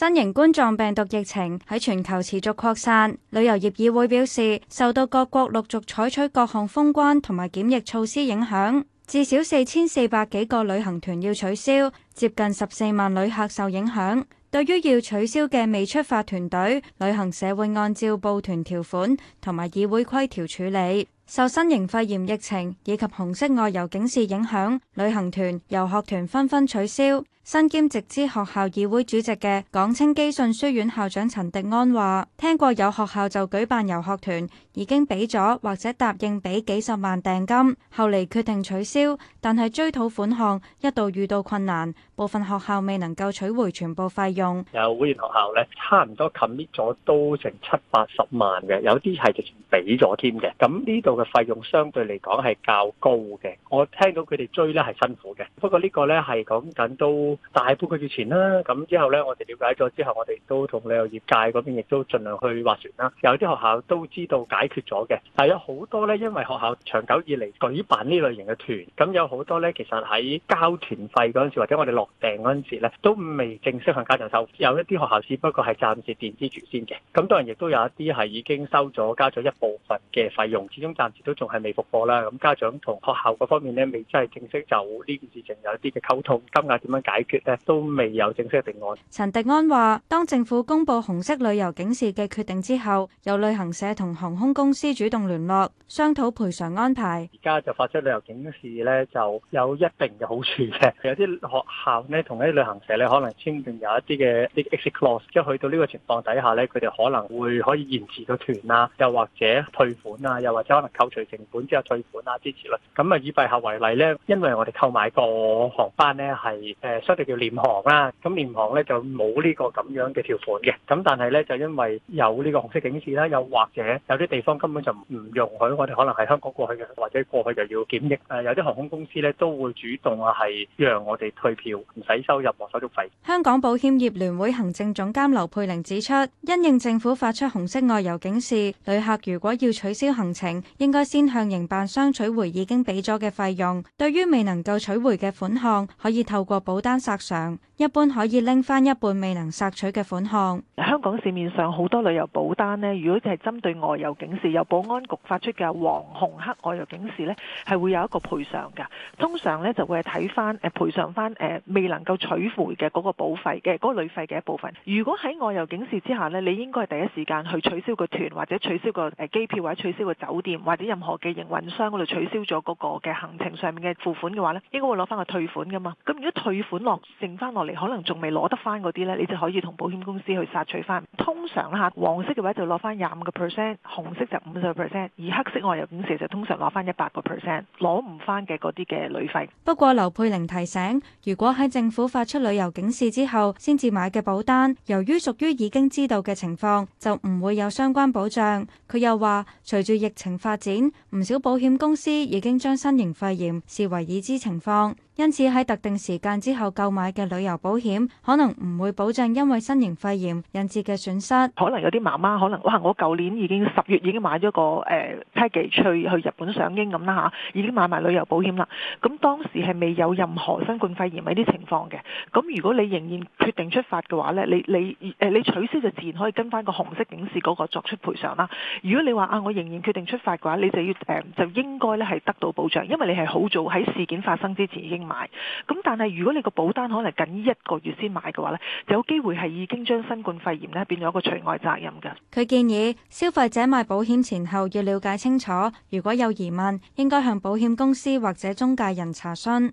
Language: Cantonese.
新型冠狀病毒疫情喺全球持續擴散，旅遊業議會表示受到各國陸續採取各項封關同埋檢疫措施影響，至少四千四百幾個旅行團要取消，接近十四萬旅客受影響。對於要取消嘅未出發團隊，旅行社會按照報團條款同埋議會規條處理。受新型肺炎疫情以及紅色外遊警示影響，旅行團、遊學團紛紛，紛紛取消。身兼直資學校議會主席嘅港青基信書院校長陳迪安話，聽過有學校就舉辦遊學團，已經俾咗或者答應俾幾十萬訂金，後嚟決定取消，但係追討款項一度遇到困難，部分學校未能夠取回全部費用。有會員學校呢，差唔多 commit 咗都成七八十萬嘅，有啲係直情俾咗添嘅。咁呢度嘅費用相對嚟講係較高嘅，我聽到佢哋追呢係辛苦嘅。不過呢個呢係講緊都大半個月前啦，咁之後呢，我哋了解咗之後，我哋都同旅遊業界嗰邊亦都盡量去斡旋啦。有啲學校都知道解決咗嘅，但有好多呢，因為學校長久以嚟舉辦呢類型嘅團，咁有好多呢，其實喺交團費嗰陣時或者我哋落訂嗰陣時咧，都未正式向家長收。有一啲學校只不過係暫時墊資住先嘅，咁當然亦都有一啲係已經收咗交咗一部分嘅費用，始終暫時都仲係未復課啦。咁家長同學校嗰方面呢，未真係正式就呢件事情有一啲嘅溝通，今日點樣解，解決都未有正式定案。陳迪安話：當政府公布紅色旅遊警示嘅決定之後，由旅行社同航空公司主動聯絡，商討賠償安排。而家就發出旅遊警示呢，就有一定嘅好處嘅。有啲學校呢，同一啲旅行社呢，可能簽訂有一啲嘅啲 exit clause，即係去到呢個情況底下呢，佢哋可能會可以延遲個團啊，又或者退款啊，又或者可能扣除成本之後退款啊，支持啦。咁啊，以閉合為例呢，因為我哋購買個航班呢，係誒。呃一定叫廉航啦，咁廉航咧就冇呢個咁樣嘅條款嘅，咁但係咧就因為有呢個紅色警示啦，又或者有啲地方根本就唔容許我哋可能喺香港過去嘅，或者過去就要檢疫。誒，有啲航空公司咧都會主動啊，係讓我哋退票，唔使收任何手續費，香港保險業聯會行政總監劉佩玲指出，因應政府發出紅色外遊警示，旅客如果要取消行程，應該先向營辦商取回已經俾咗嘅費用。對於未能夠取回嘅款項，可以透過保單。償一般可以拎翻一半未能索取嘅款項。香港市面上好多旅遊保單呢，如果係針對外遊警示，由保安局發出嘅黃紅黑外遊警示呢係會有一個賠償嘅。通常呢就會係睇翻誒賠償翻誒未能夠取回嘅嗰個保費嘅嗰個旅費嘅一部分。如果喺外遊警示之下呢，你應該係第一時間去取消個團，或者取消個誒機票，或者取消個酒店，或者任何嘅營運商嗰度取消咗嗰個嘅行程上面嘅付款嘅話呢，應該會攞翻個退款噶嘛。咁如果退款剩翻落嚟可能仲未攞得翻嗰啲咧，你就可以同保險公司去索取翻。通常吓黃色嘅話就攞翻廿五個 percent，紅色就五十 percent，而黑色外遊警示就通常攞翻一百個 percent，攞唔翻嘅嗰啲嘅旅費。不過劉佩玲提醒，如果喺政府發出旅遊警示之後先至買嘅保單，由於屬於已經知道嘅情況，就唔會有相關保障。佢又話，隨住疫情發展，唔少保險公司已經將新型肺炎視為已知情況，因此喺特定時間之後。購買嘅旅遊保險可能唔會保障，因為新型肺炎引致嘅損失。可能有啲媽媽可能，哇！我舊年已經十月已經買咗個誒 package、呃、去日本賞櫻咁啦吓，已經買埋旅遊保險啦。咁當時係未有任何新冠肺炎呢啲情況嘅。咁如果你仍然決定出發嘅話呢，你你誒你，你取消就自然可以跟翻個紅色警示嗰個作出賠償啦。如果你話啊我仍然決定出發嘅話，你就要誒、呃、就應該咧係得到保障，因為你係好早喺事件發生之前已經買。咁但係如果你個保保單可能近一個月先買嘅話呢，就有機會係已經將新冠肺炎咧變咗一個除外責任㗎。佢建議消費者買保險前後要了解清楚，如果有疑問，應該向保險公司或者中介人查詢。